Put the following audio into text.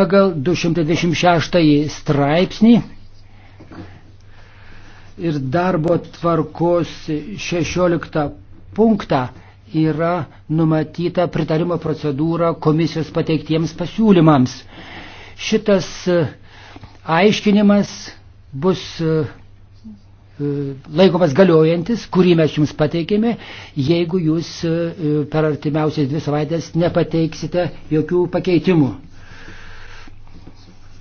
pagal 226 straipsnį ir darbo tvarkos 16 punktą yra numatyta pritarimo procedūra komisijos pateiktiems pasiūlymams. Šitas e, aiškinimas bus e, e, laikomas galiojantis, kurį mes jums pateikėme, jeigu jūs per artimiausias dvi savaitės nepateiksite jokių pakeitimų.